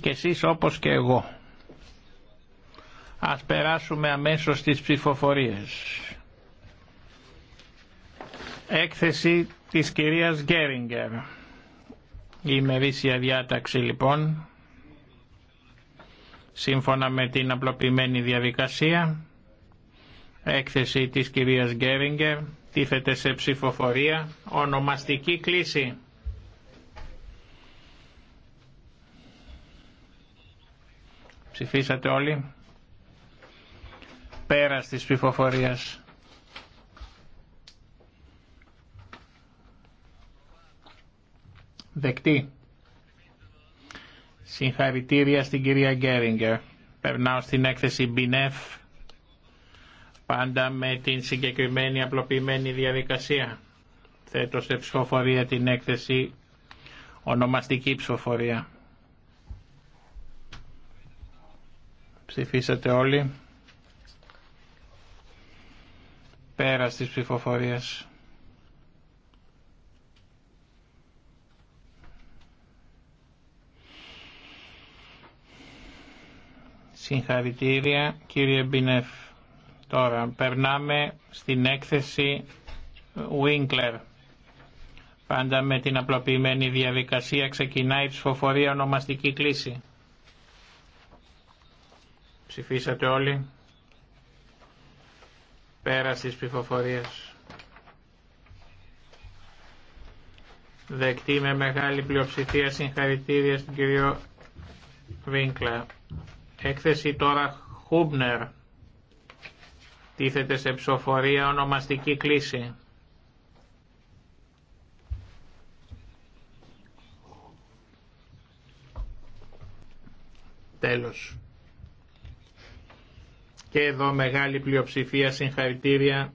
και εσείς όπως και εγώ. Ας περάσουμε αμέσως στις ψηφοφορίες. Έκθεση της κυρίας Γκέριγκερ. Η ημερήσια διάταξη λοιπόν, σύμφωνα με την απλοποιημένη διαδικασία, έκθεση της κυρίας Γκέριγκερ, τίθεται σε ψηφοφορία, ονομαστική κλίση. Ψηφίσατε όλοι. πέρα της ψηφοφορίας. Δεκτή. Συγχαρητήρια στην κυρία Γκέριγκερ. Περνάω στην έκθεση Μπινεφ, πάντα με την συγκεκριμένη απλοποιημένη διαδικασία. Θέτω σε ψηφοφορία την έκθεση ονομαστική ψηφοφορία. Ψηφίσατε όλοι. Πέρα στις ψηφοφορίες. Συγχαρητήρια κύριε Μπινεφ. Τώρα περνάμε στην έκθεση Winkler. Πάντα με την απλοποιημένη διαδικασία ξεκινάει η ψηφοφορία ονομαστική κλίση. Ψηφίσατε όλοι. πέρα της ψηφοφορίας. Δεκτή με μεγάλη πλειοψηφία συγχαρητήρια στον κύριο Βίνκλα. Έκθεση τώρα Χούμπνερ. Τίθεται σε ψηφοφορία ονομαστική κλίση. Τέλος. Και εδώ μεγάλη πλειοψηφία συγχαρητήρια.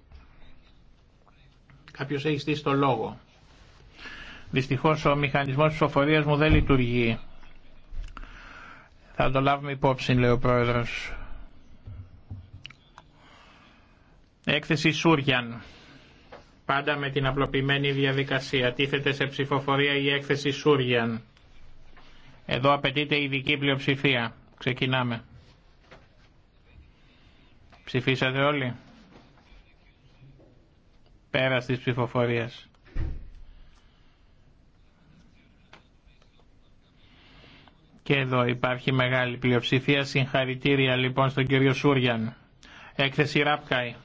Κάποιος έχει στήσει το λόγο. Δυστυχώς ο μηχανισμός ψηφοφορίας μου δεν λειτουργεί. Θα το λάβουμε υπόψη, λέει ο Πρόεδρος. Έκθεση Σούριαν. Πάντα με την απλοποιημένη διαδικασία. Τίθεται σε ψηφοφορία η έκθεση Σούριαν. Εδώ απαιτείται ειδική πλειοψηφία. Ξεκινάμε. Ψηφίσατε όλοι. Πέρα της ψηφοφορίες. Και εδώ υπάρχει μεγάλη πλειοψηφία. Συγχαρητήρια λοιπόν στον κύριο Σούριαν. Έκθεση Ράπκαη.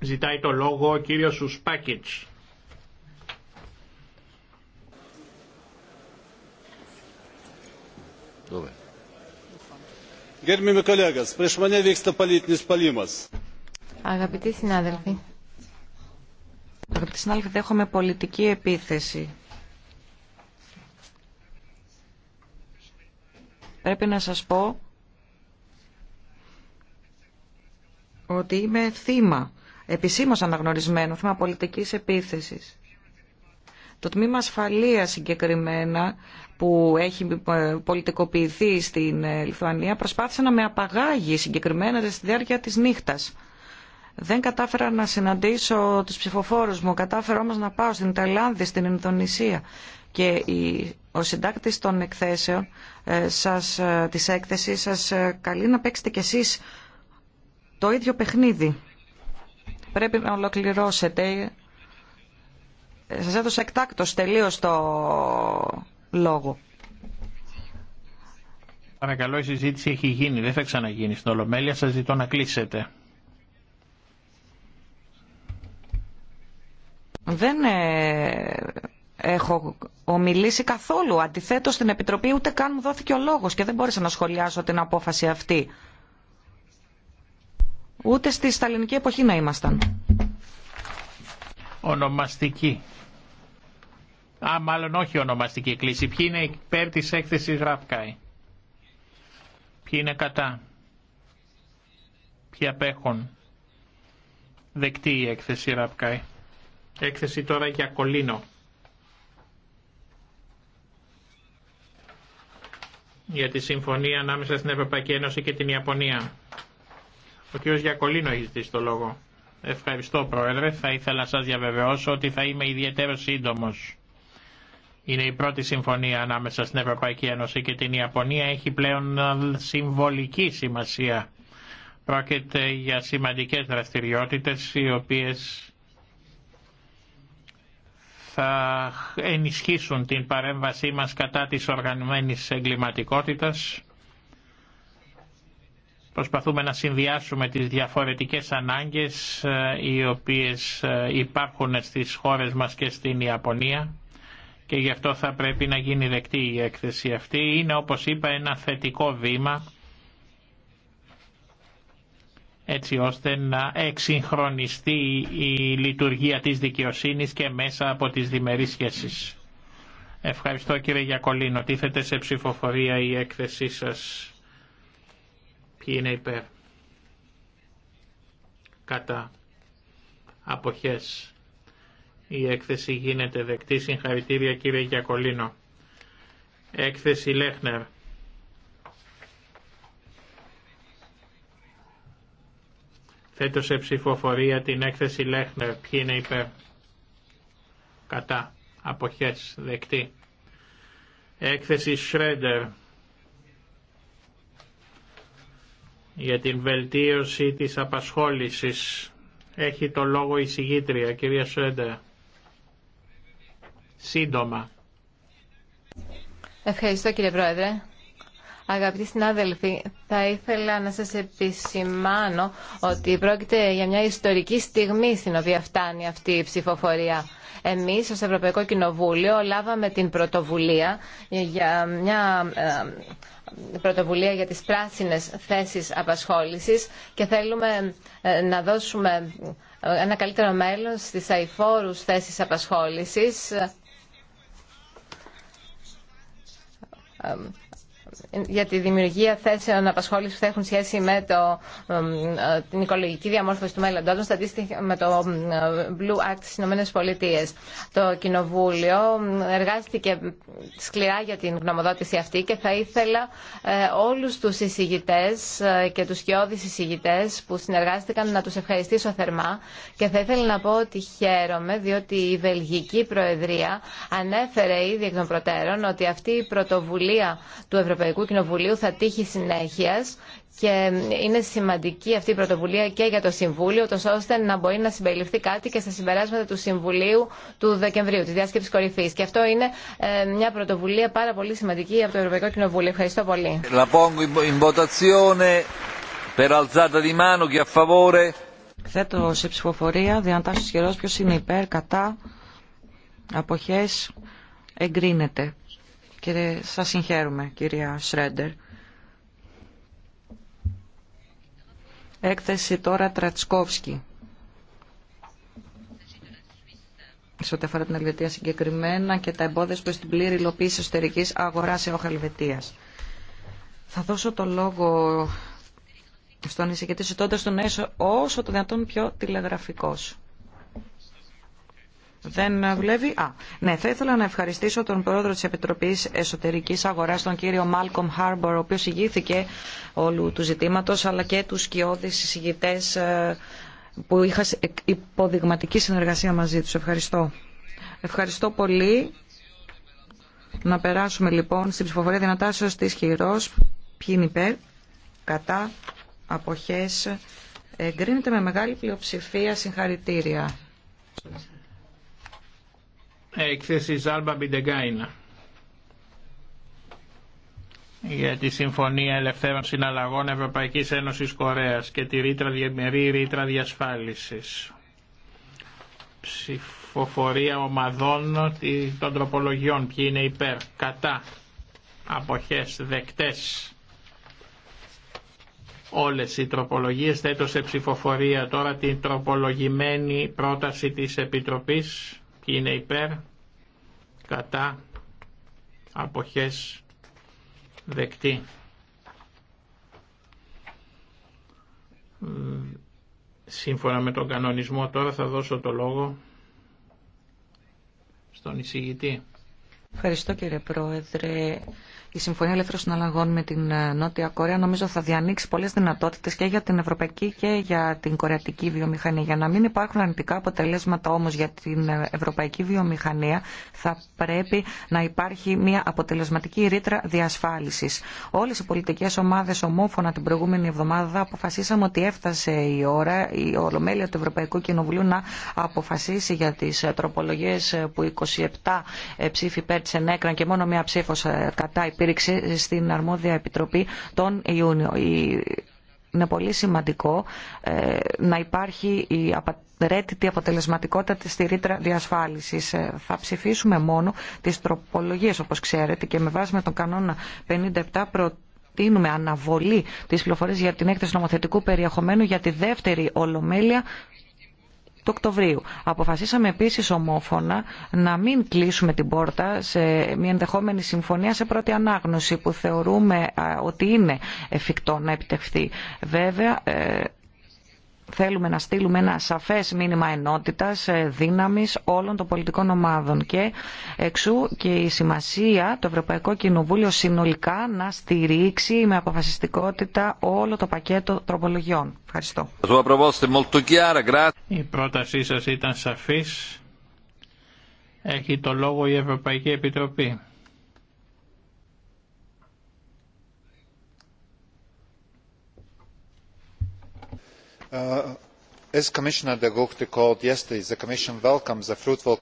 Ζητάει το λόγο ο κύριος Ουσπάκητς. Αγαπητοί συνάδελφοι, αγαπητοί συνάδελφοι, δέχομαι πολιτική επίθεση. Πρέπει να σας πω ότι είμαι θύμα, επισήμως αναγνωρισμένο, θύμα πολιτικής επίθεσης. Το τμήμα Ασφαλείας συγκεκριμένα που έχει ε, πολιτικοποιηθεί στην ε, Λιθουανία προσπάθησε να με απαγάγει συγκεκριμένα στη διάρκεια της νύχτας. Δεν κατάφερα να συναντήσω τους ψηφοφόρους μου, κατάφερα όμως να πάω στην Ταϊλάνδη, στην Ινδονησία. Και ο συντάκτης των εκθέσεων ε, σας, της έκθεσης σας καλεί να παίξετε κι εσείς το ίδιο παιχνίδι. Πρέπει να ολοκληρώσετε σας έδωσα εκτάκτος τελείως το λόγο. Παρακαλώ, η συζήτηση έχει γίνει, δεν θα ξαναγίνει στην Ολομέλεια, σας ζητώ να κλείσετε. Δεν ε, έχω ομιλήσει καθόλου. Αντιθέτως, στην Επιτροπή ούτε καν μου δόθηκε ο λόγος και δεν μπόρεσα να σχολιάσω την απόφαση αυτή. Ούτε στη σταλινική εποχή να ήμασταν. Ονομαστική. Α, μάλλον όχι ονομαστική κλίση. Ποιοι είναι υπέρ της έκθεση Ραφκάη. Ποιοι είναι κατά. Ποιοι απέχουν. Δεκτή η έκθεση Ραπκάη. Έκθεση τώρα για Κολίνο. Για τη συμφωνία ανάμεσα στην Ευρωπαϊκή Ένωση και την Ιαπωνία. Ο κ. Γιακολίνο έχει ζητήσει το λόγο. Ευχαριστώ Πρόεδρε. Θα ήθελα να σας διαβεβαιώσω ότι θα είμαι ιδιαίτερο σύντομο. Είναι η πρώτη συμφωνία ανάμεσα στην Ευρωπαϊκή Ένωση και την Ιαπωνία έχει πλέον ε, συμβολική σημασία. Πρόκειται για σημαντικές δραστηριότητες οι οποίες θα ενισχύσουν την παρέμβασή μας κατά της οργανωμένης εγκληματικότητας Προσπαθούμε να συνδυάσουμε τις διαφορετικές ανάγκες ε, οι οποίες ε, υπάρχουν στις χώρες μας και στην Ιαπωνία και γι' αυτό θα πρέπει να γίνει δεκτή η έκθεση αυτή. Είναι όπως είπα ένα θετικό βήμα έτσι ώστε να εξυγχρονιστεί η λειτουργία της δικαιοσύνης και μέσα από τις διμερείς σχέσεις. Ευχαριστώ κύριε Γιακολίνο. Τίθεται σε ψηφοφορία η έκθεσή σας. Ποιοι είναι υπέρ. Κατά. Αποχές. Η έκθεση γίνεται δεκτή. Συγχαρητήρια κύριε Γιακολίνο. Έκθεση Λέχνερ. Θέτω σε ψηφοφορία την έκθεση Λέχνερ. Ποιοι είναι υπέρ. Κατά. Αποχές. Δεκτή. Έκθεση Σρέντερ. για την βελτίωση της απασχόλησης. Έχει το λόγο η συγγήτρια, κυρία Σέντερ. Σύντομα. Ευχαριστώ κύριε Πρόεδρε. Αγαπητοί συνάδελφοι, θα ήθελα να σας επισημάνω ότι πρόκειται για μια ιστορική στιγμή στην οποία φτάνει αυτή η ψηφοφορία. Εμείς ως Ευρωπαϊκό Κοινοβούλιο λάβαμε την πρωτοβουλία για μια ε, πρωτοβουλία για τις πράσινες θέσεις απασχόλησης και θέλουμε ε, να δώσουμε ε, ένα καλύτερο μέλλον στις αηφόρους θέσεις απασχόλησης για τη δημιουργία θέσεων απασχόληση που θα έχουν σχέση με το, ε, την οικολογική διαμόρφωση του μέλλοντος με το Blue Act στις Ηνωμένες Πολιτείες. Το Κοινοβούλιο εργάστηκε σκληρά για την γνωμοδότηση αυτή και θα ήθελα ε, όλους τους εισηγητές ε, και τους κοιόδης εισηγητές που συνεργάστηκαν να τους ευχαριστήσω θερμά και θα ήθελα να πω ότι χαίρομαι διότι η Βελγική Προεδρία ανέφερε ήδη εκ των προτέρων ότι αυτή η πρωτοβουλία του Ευρωπαϊκού Ευρωπαϊκού Κοινοβουλίου θα τύχει συνέχεια και είναι σημαντική αυτή η πρωτοβουλία και για το Συμβούλιο, τόσο ώστε να μπορεί να συμπεριληφθεί κάτι και στα συμπεράσματα του Συμβουλίου του Δεκεμβρίου, τη διάσκεψη κορυφή. Και αυτό είναι ε, μια πρωτοβουλία πάρα πολύ σημαντική από το Ευρωπαϊκό Κοινοβούλιο. Ευχαριστώ πολύ. Θέτω σε ψηφοφορία διαντάσσεω χειρό ποιο είναι υπέρ, κατά, εγκρίνεται. Και σας συγχαίρουμε, κυρία Σρέντερ. Έκθεση τώρα Τρατσκόφσκι. σε ό,τι αφορά την Ελβετία συγκεκριμένα και τα εμπόδια προ την πλήρη υλοποίηση εσωτερική αγορά σε όχα Ελβετία. Θα δώσω το λόγο στον εισηγητή, ζητώντα τον έσω όσο το δυνατόν πιο τηλεγραφικό. Δεν δουλεύει. Α, ναι, θα ήθελα να ευχαριστήσω τον πρόεδρο τη Επιτροπή Εσωτερικής Αγοράς, τον κύριο Μάλκομ Χάρμπορ, ο οποίος ηγήθηκε όλου του ζητήματος, αλλά και τους σκιώδη συζητητέ ε, που είχα υποδειγματική συνεργασία μαζί του. Ευχαριστώ. Ευχαριστώ πολύ. Να περάσουμε λοιπόν στην ψηφοφορία δυνατάσεω τη χειρό. Ποιοι είναι υπέρ, κατά, απόχέ. Εγκρίνεται με μεγάλη πλειοψηφία συγχαρητήρια έκθεση Ζάλμπα Μπιντεγκάινα για τη Συμφωνία Ελευθέρων Συναλλαγών Ευρωπαϊκής Ένωσης Κορέας και τη ρήτρα, μερή ρήτρα διασφάλισης. Ψηφοφορία ομαδών των τροπολογιών. Ποιοι είναι υπέρ, κατά, αποχές, δεκτές. Όλες οι τροπολογίες θέτω σε ψηφοφορία τώρα την τροπολογημένη πρόταση της Επιτροπής είναι υπέρ, κατά, αποχές, δεκτή. Σύμφωνα με τον κανονισμό τώρα θα δώσω το λόγο στον εισηγητή. Ευχαριστώ κύριε Πρόεδρε η Συμφωνία Ελεύθερων Συναλλαγών με την ε, Νότια Κορέα νομίζω θα διανοίξει πολλέ δυνατότητε και για την ευρωπαϊκή και για την κορεατική βιομηχανία. Για να μην υπάρχουν αρνητικά αποτελέσματα όμω για την ε, ευρωπαϊκή βιομηχανία, θα πρέπει να υπάρχει μια αποτελεσματική ρήτρα διασφάλιση. Όλε οι πολιτικέ ομάδε ομόφωνα την προηγούμενη εβδομάδα αποφασίσαμε ότι έφτασε η ώρα η Ολομέλεια του Ευρωπαϊκού Κοινοβουλίου να αποφασίσει για τι ε, τροπολογίε που 27 ψήφοι πέρ τη και μόνο μία ψήφο κατά περιεξε στην αρμόδια επιτροπή τον Ιούνιο. Είναι πολύ σημαντικό ε, να υπάρχει η απαραίτητη αποτελεσματικότητα στη ρήτρα διασφάλισης. Ε, θα ψηφίσουμε μόνο τις τροπολογίες, όπως ξέρετε, και με βάση με τον κανόνα 57 προ προτείνουμε αναβολή τη πληροφορία για την έκθεση νομοθετικού περιεχομένου για τη δεύτερη ολομέλεια του Οκτωβρίου. Αποφασίσαμε επίσης ομόφωνα να μην κλείσουμε την πόρτα σε μια ενδεχόμενη συμφωνία σε πρώτη ανάγνωση που θεωρούμε ότι είναι εφικτό να επιτευχθεί. Βέβαια, ε, θέλουμε να στείλουμε ένα σαφές μήνυμα ενότητας, ε, δύναμης όλων των πολιτικών ομάδων και εξού και η σημασία το Ευρωπαϊκό Κοινοβούλιο συνολικά να στηρίξει με αποφασιστικότητα όλο το πακέτο τροπολογιών. Ευχαριστώ. Η πρότασή σας ήταν σαφής. Έχει το λόγο η Ευρωπαϊκή Επιτροπή. Uh,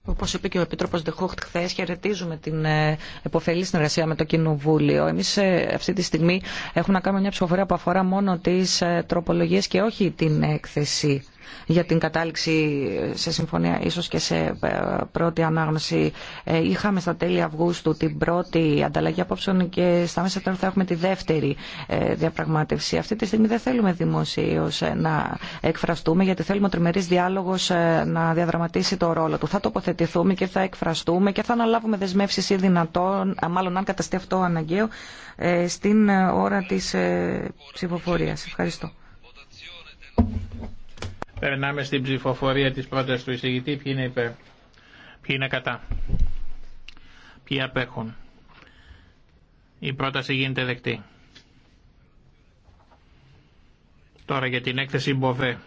Όπω είπε και ο Επίτροπο Δεχούχτ χθε, χαιρετίζουμε την ε, εποφελή συνεργασία με το Κοινοβούλιο. Εμεί ε, αυτή τη στιγμή έχουμε να κάνουμε μια ψηφοφορία που αφορά μόνο τι ε, τροπολογίε και όχι την έκθεση για την κατάληξη σε συμφωνία ίσως και σε ε, πρώτη ανάγνωση. Ε, είχαμε στα τέλη Αυγούστου την πρώτη ανταλλαγή απόψεων και στα μέσα τώρα θα έχουμε τη δεύτερη ε, διαπραγμάτευση. Αυτή τη στιγμή δεν θέλουμε δημοσίω να εκφραστούμε γιατί θέλουμε ο τριμερής διάλογος να διαδραματίσει το ρόλο του. Θα τοποθετηθούμε και θα εκφραστούμε και θα αναλάβουμε δεσμεύσει ή δυνατόν, μάλλον αν καταστεί αυτό αναγκαίο, στην ώρα της ψηφοφορία. Ευχαριστώ. Περνάμε στην ψηφοφορία της πρότασης του εισηγητή. Ποιοι είναι υπέρ. Ποιοι είναι κατά. Ποιοι απέχουν. Η πρόταση γίνεται δεκτή. Τώρα για την έκθεση Μποβέ.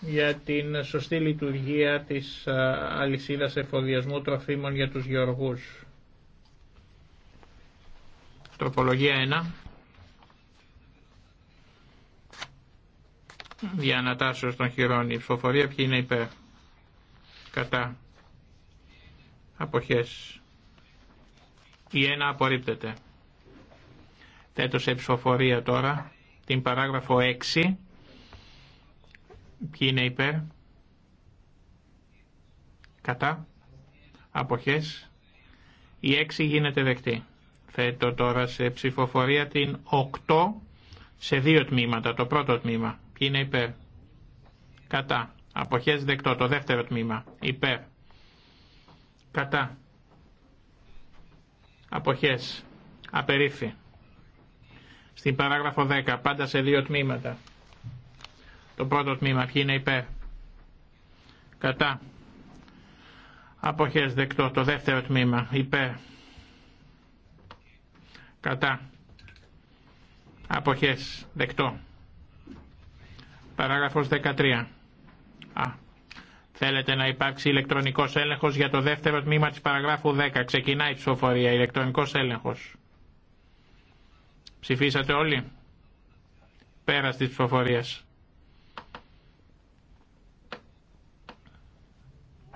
Για την σωστή λειτουργία της αλυσίδας εφοδιασμού τροφίμων για τους γεωργούς. Τροπολογία 1. διανατάσσεως των χειρών. Η ψηφοφορία ποιοι είναι υπέρ. Κατά. Αποχές. Η ένα απορρίπτεται. Θέτω σε ψηφοφορία τώρα την παράγραφο 6. Ποιοι είναι υπέρ. Κατά. Αποχές. Η 6 γίνεται δεκτή. Θέτω τώρα σε ψηφοφορία την 8 σε δύο τμήματα. Το πρώτο τμήμα είναι υπέρ. Κατά. Αποχές δεκτό. Το δεύτερο τμήμα. Υπέρ. Κατά. Αποχές. Απερίφη. Στην παράγραφο 10. Πάντα σε δύο τμήματα. Το πρώτο τμήμα. Ποιοι είναι υπέρ. Κατά. Αποχές δεκτό. Το δεύτερο τμήμα. Υπέρ. Κατά. Αποχές δεκτό. Παράγραφος 13. Α. Θέλετε να υπάρξει ηλεκτρονικός έλεγχος για το δεύτερο τμήμα της παραγράφου 10. Ξεκινάει η ψηφοφορία. Ηλεκτρονικός έλεγχος. Ψηφίσατε όλοι. Πέρα τη ψηφοφορίας.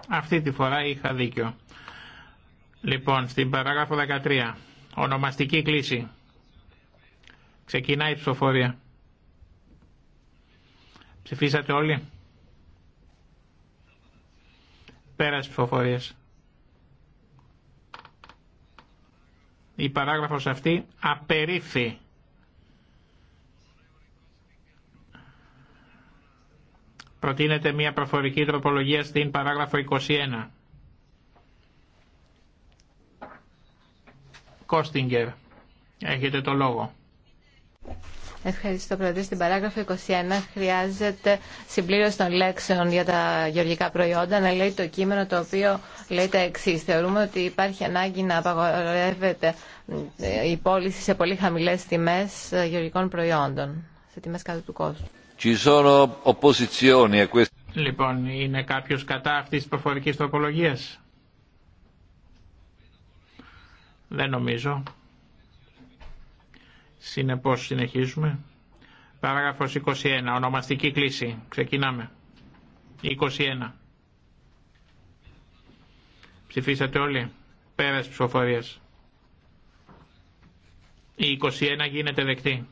Αυτή τη φορά είχα δίκιο. Λοιπόν, στην παράγραφο 13. Ονομαστική κλίση. Ξεκινάει η ψηφοφορία. Ψηφίσατε όλοι. Πέρας ψηφοφορίες. Η παράγραφος αυτή απερίφθη. Προτείνεται μια προφορική τροπολογία στην παράγραφο 21. Κόστιγκερ. Έχετε το λόγο. Ευχαριστώ, Πρόεδρε. Στην παράγραφο 21 χρειάζεται συμπλήρωση των λέξεων για τα γεωργικά προϊόντα να λέει το κείμενο το οποίο λέει τα εξή. Θεωρούμε ότι υπάρχει ανάγκη να απαγορεύεται η πώληση σε πολύ χαμηλέ τιμέ γεωργικών προϊόντων, σε τιμέ κάτω του κόσμου. Λοιπόν, είναι κάποιο κατά αυτή τη προφορική τροπολογία. Δεν νομίζω. Συνεπώς συνεχίζουμε. Παράγραφος 21. Ονομαστική κλίση. Ξεκινάμε. 21. Ψηφίσατε όλοι. Πέρας ψηφοφορίας. Η 21 γίνεται δεκτή.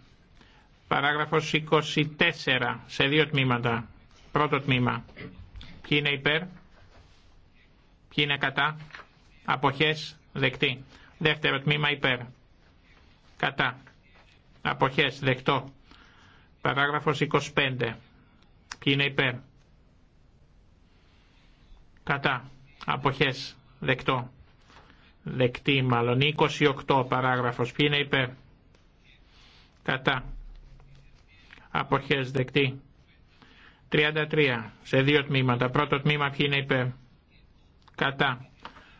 Παράγραφος 24. Σε δύο τμήματα. Πρώτο τμήμα. Ποιοι είναι υπέρ. Ποιοι είναι κατά. Αποχές. Δεκτή. Δεύτερο τμήμα υπέρ. Κατά Αποχές δεκτό. Παράγραφος 25. Ποιοι είναι υπέρ. Κατά. Αποχές δεκτό. Δεκτή μάλλον. 28 παράγραφος. Ποιοι είναι υπέρ. Κατά. Αποχές δεκτή. 33. Σε δύο τμήματα. Πρώτο τμήμα ποιοι είναι υπέρ. Κατά.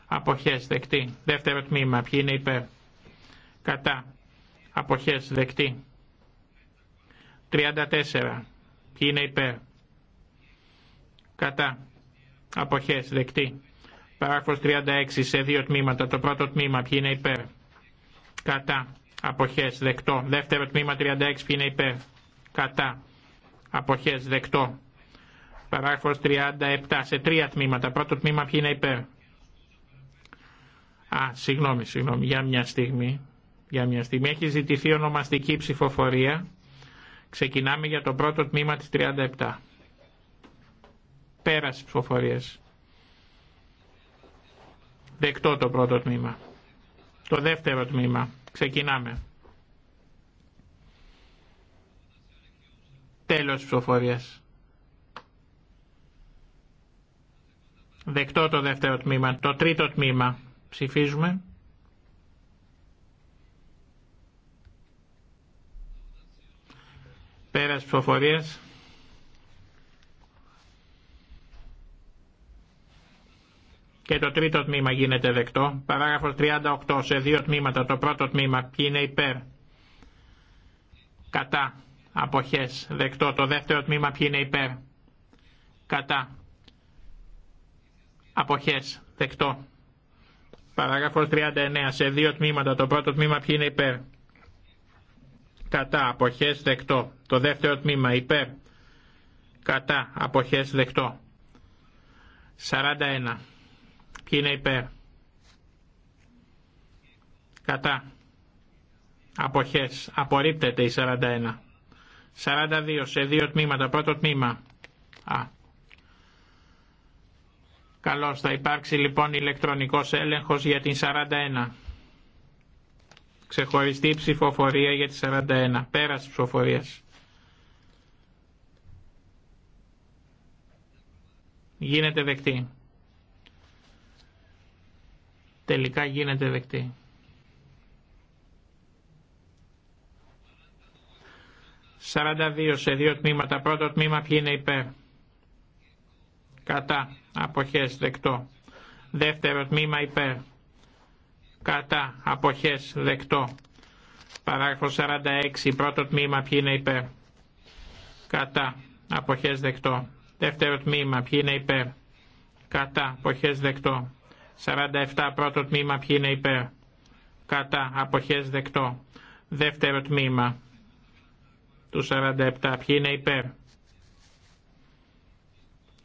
Αποχές δεκτή. Δεύτερο τμήμα ποιοι είναι υπέρ. Κατά Αποχές δεκτή. 34. Ποιοι είναι υπέρ. Κατά. Αποχές δεκτή. Παράγραφος 36 σε δύο τμήματα. Το πρώτο τμήμα ποιοι είναι υπέρ. Κατά. Αποχές δεκτό. Δεύτερο τμήμα 36 ποιοι είναι υπέρ. Κατά. Αποχές δεκτό. Παράγραφος 37 σε τρία τμήματα. Πρώτο τμήμα ποιοι είναι υπέρ. Α, συγγνώμη, συγγνώμη, για μια στιγμή για μια στιγμή. Έχει ζητηθεί ονομαστική ψηφοφορία. Ξεκινάμε για το πρώτο τμήμα της 37. Πέρας ψηφοφορίες. Δεκτό το πρώτο τμήμα. Το δεύτερο τμήμα. Ξεκινάμε. Τέλος ψηφοφορίας. Δεκτό το δεύτερο τμήμα. Το τρίτο τμήμα. Ψηφίζουμε. Πέρας ψηφοφορία. Και το τρίτο τμήμα γίνεται δεκτό. Παράγραφος 38 σε δύο τμήματα. Το πρώτο τμήμα ποιοι είναι υπέρ. Κατά. Αποχές. Δεκτό. Το δεύτερο τμήμα ποιοι είναι υπέρ. Κατά. Αποχές. Δεκτό. Παράγραφος 39 σε δύο τμήματα. Το πρώτο τμήμα ποιοι είναι υπέρ κατά αποχές δεκτό. Το δεύτερο τμήμα υπέρ κατά αποχές δεκτό. 41. Ποιοι είναι υπέρ. Κατά. Αποχές. Απορρίπτεται η 41. 42 σε δύο τμήματα. Πρώτο τμήμα. Α. Καλώς θα υπάρξει λοιπόν ηλεκτρονικός έλεγχος για την 41. Ξεχωριστή ψηφοφορία για τις 41. Πέρας ψηφοφορίας. Γίνεται δεκτή. Τελικά γίνεται δεκτή. 42 σε δύο τμήματα. Πρώτο τμήμα ποιοι είναι υπέρ. Κατά. Αποχές. Δεκτό. Δεύτερο τμήμα υπέρ κατά αποχές δεκτό. Παράγραφος 46 πρώτο τμήμα ποιοι είναι υπέρ κατά αποχές δεκτό. Δεύτερο τμήμα ποιοι είναι υπέρ κατά αποχές δεκτό. 47 πρώτο τμήμα ποιοι είναι υπέρ κατά αποχές δεκτό. Δεύτερο τμήμα του 47 ποιοι είναι υπέρ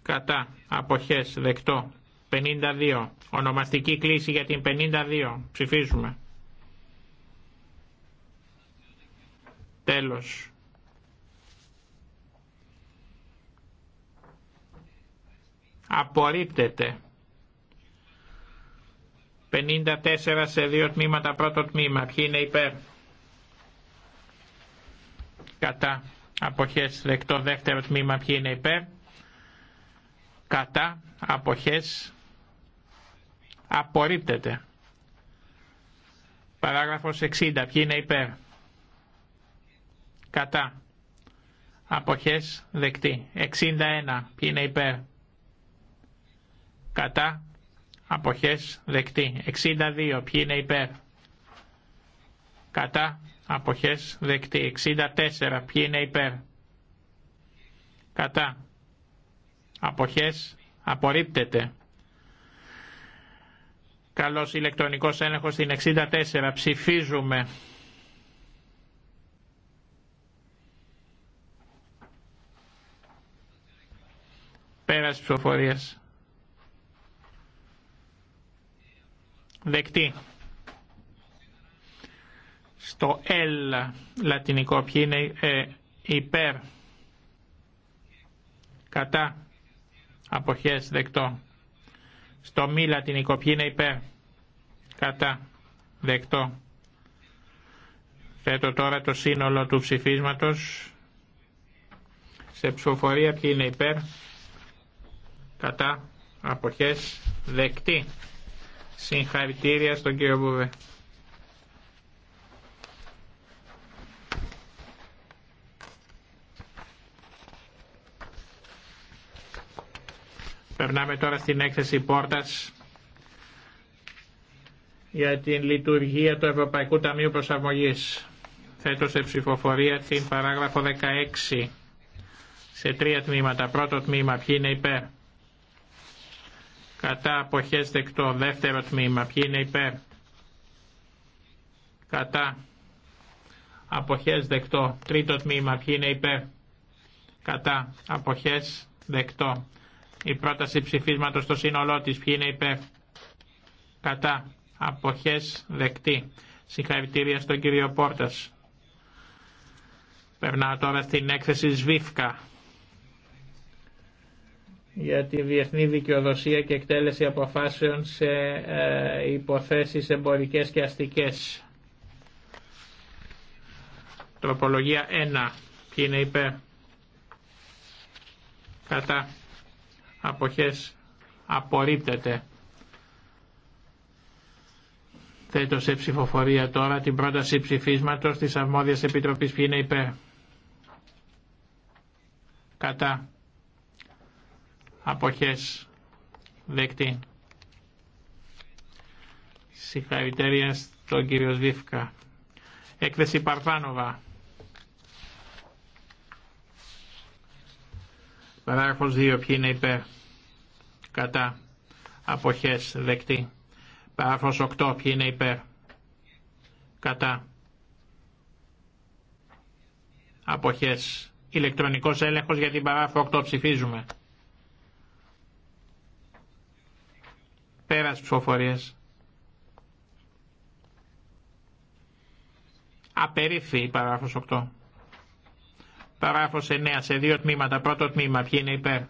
κατά αποχές δεκτό. 52. Ονομαστική κλίση για την 52. Ψηφίζουμε. Τέλος. Απορρίπτεται. 54 σε δύο τμήματα. Πρώτο τμήμα. Ποιοι είναι υπέρ. Κατά. Αποχές δεκτό δεύτερο τμήμα. Ποιοι είναι υπέρ. Κατά. Αποχές Απορρίπτεται. Παράγραφος 60. Ποιοι είναι υπέρ. Κατά. Αποχές δεκτή. 61. Ποιοι είναι υπέρ. Κατά. Αποχές δεκτή. 62. Ποιοι είναι υπέρ. Κατά. Αποχές δεκτή. 64. Ποιοι είναι υπέρ. Κατά. Αποχές απορρίπτεται. Καλός ηλεκτρονικός έλεγχος στην 64. Ψηφίζουμε. Πέρας ψηφοφορίας. Δεκτή. Στο L λατινικό ποιοι είναι ε, υπέρ. Κατά. Αποχές δεκτό. Στο μήλα την οικοπή είναι υπέρ. Κατά. Δεκτό. Θέτω τώρα το σύνολο του ψηφίσματος. Σε ψηφοφορία ποιοι είναι υπέρ. Κατά. Αποχές. Δεκτή. Συγχαρητήρια στον κύριο Μπούβε. Περνάμε τώρα στην έκθεση πόρτας για την λειτουργία του Ευρωπαϊκού Ταμείου Προσαρμογής. Θέτω σε ψηφοφορία την παράγραφο 16 σε τρία τμήματα. Πρώτο τμήμα, ποιοι είναι υπέρ. Κατά αποχές δεκτό. Δεύτερο τμήμα, ποιοι είναι υπέρ. Κατά αποχές δεκτό. Τρίτο τμήμα, ποιοι είναι υπέρ. Κατά αποχές δεκτό. Η πρόταση ψηφίσματος στο σύνολό της ποιοι είναι υπέρ. Κατά. Αποχές δεκτή. Συγχαρητήρια στον κύριο Πόρτας. Περνάω τώρα στην έκθεση ΣΒΙΦΚΑ για τη διεθνή δικαιοδοσία και εκτέλεση αποφάσεων σε ε, υποθέσεις εμπορικές και αστικές. Τροπολογία 1. Ποιοι είναι υπέρ. Κατά αποχές απορρίπτεται. Θέτω σε ψηφοφορία τώρα την πρόταση ψηφίσματος της Αρμόδιας Επιτροπής ποιοι είναι υπέρ. Κατά. Αποχές. Δεκτή. Συγχαρητήρια στον κύριο Σβίφκα. Έκθεση Παρφάνοβα. Παράγραφος 2. Ποιοι είναι υπέρ κατά αποχές δεκτή. Παράγραφος 8 ποιοι είναι υπέρ κατά αποχές. Ηλεκτρονικός έλεγχος για την παράγραφο 8 ψηφίζουμε. Πέρας ψηφοφορίες. Απερίφθη η παράγραφος 8. Παράγραφος 9 σε δύο τμήματα. Πρώτο τμήμα ποιοι είναι υπέρ.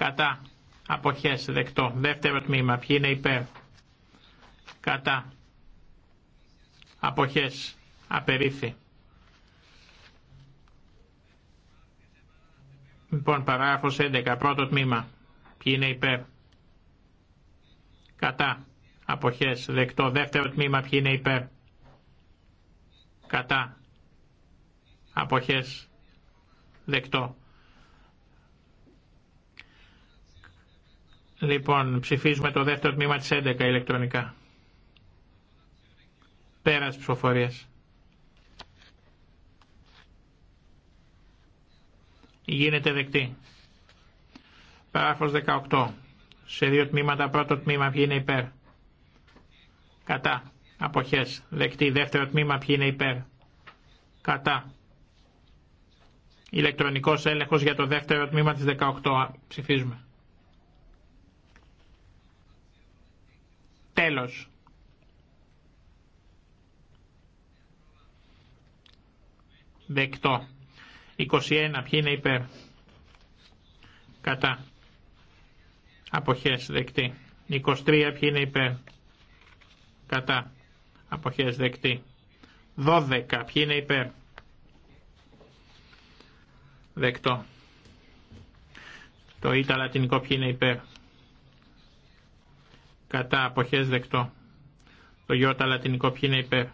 Κατά. Αποχές δεκτό. Δεύτερο τμήμα. Ποιοι είναι υπέρ. Κατά. Αποχές. Απερίφη. Λοιπόν, παράγραφος 11. Πρώτο τμήμα. Ποιοι είναι υπέρ. Κατά. Αποχές. Δεκτό. Δεύτερο τμήμα. Ποιοι είναι υπέρ. Κατά. Αποχές. Δεκτό. Λοιπόν, ψηφίζουμε το δεύτερο τμήμα της 11 ηλεκτρονικά. Πέρας ψηφοφορίας. Γίνεται δεκτή. Παράγραφος 18. Σε δύο τμήματα, πρώτο τμήμα ποιοι είναι υπέρ. Κατά. Αποχές. Δεκτή. Δεύτερο τμήμα ποιοι είναι υπέρ. Κατά. Ηλεκτρονικός έλεγχος για το δεύτερο τμήμα της 18. Ψηφίζουμε. Τέλος. Δεκτό. 21. Ποιοι είναι υπέρ. Κατά. Αποχές δεκτή. 23. Ποιοι είναι υπέρ. Κατά. Αποχές δεκτή. 12. Ποιοι είναι υπέρ. Δεκτό. Το Ι τα λατινικό ποιοι είναι υπέρ. Κατά αποχές δεκτό. Το Ι λατινικό ποιοι είναι υπέρ.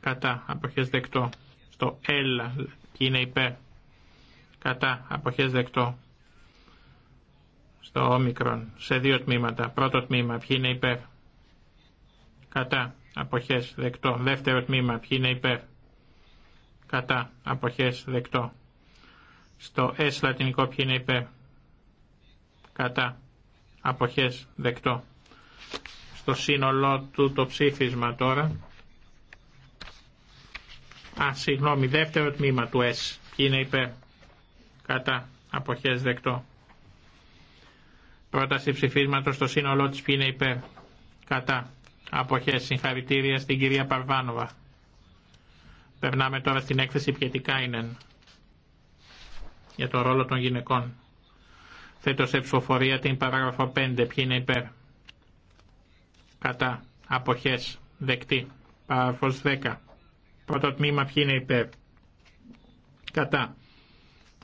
Κατά αποχές δεκτό. Στο έλα ποιοι είναι υπέρ. Κατά αποχές δεκτό. Στο όμικρον σε δύο τμήματα. Πρώτο τμήμα ποιοι είναι υπέρ. Κατά αποχές δεκτό. Δεύτερο τμήμα ποιοι είναι υπέρ. Κατά αποχές δεκτό. Στο S λατινικό ποιοι είναι υπέρ. Κατά αποχές δεκτό. Στο σύνολό του το ψήφισμα τώρα. Α, συγγνώμη, δεύτερο τμήμα του S. Ποιοι είναι υπέρ. Κατά. Αποχές δεκτό. Πρόταση ψηφίσματος στο σύνολό της ποιοι είναι υπέρ. Κατά. Αποχές. Συγχαρητήρια στην κυρία Παρβάνοβα. Περνάμε τώρα στην έκθεση ποιετικά είναι για το ρόλο των γυναικών. Θέτω σε ψηφοφορία την παράγραφο 5. Ποιοι είναι υπέρ. Κατά. Αποχές. Δεκτή. Παράγραφος 10. Πρώτο τμήμα ποιοι είναι υπέρ. Κατά.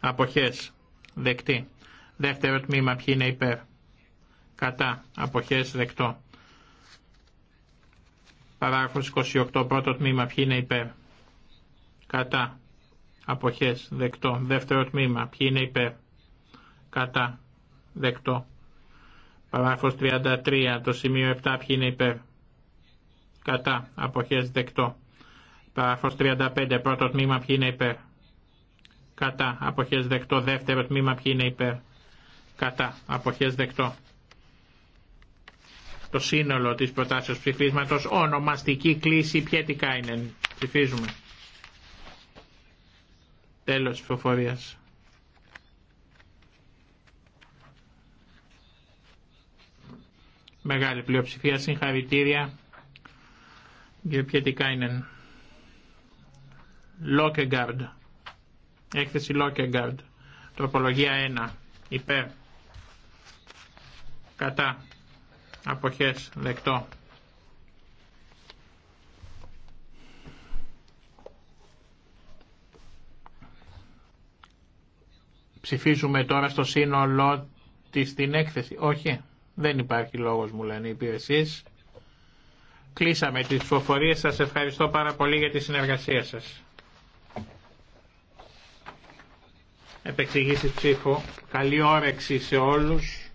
Αποχές. Δεκτή. Δεύτερο τμήμα ποιοι είναι υπέρ. Κατά. Αποχές. Δεκτό. Παράγραφο 28. Πρώτο τμήμα ποιοι είναι υπέρ. Κατά. Αποχές. Δεκτό. Δεύτερο τμήμα ποιοι είναι υπέρ. Κατά Δεκτό. Παράγραφος 33. Το σημείο 7. Ποιοι είναι υπέρ. Κατά. Αποχές. Δεκτό. Παράγραφος 35. Πρώτο τμήμα. Ποιοι είναι υπέρ. Κατά. Αποχές. Δεκτό. Δεύτερο τμήμα. Ποιοι είναι υπέρ. Κατά. Αποχές. Δεκτό. Το σύνολο της προτάσεως ψηφίσματος. Ονομαστική κλίση. ποιέτικα είναι. Ψηφίζουμε. Τέλος της Μεγάλη πλειοψηφία συγχαρητήρια. Κύριε Πιετικάινεν. Λόκεγκαρντ. Έκθεση Λόκεγκαρντ. Τροπολογία 1. Υπέρ. Κατά. Αποχές. Δεκτό. Ψηφίζουμε τώρα στο σύνολό της την έκθεση. Όχι. Δεν υπάρχει λόγος μου λένε οι Κλείσαμε τις ψηφοφορίες. Σας ευχαριστώ πάρα πολύ για τη συνεργασία σας. Επεξηγήσεις ψήφου. Καλή όρεξη σε όλους.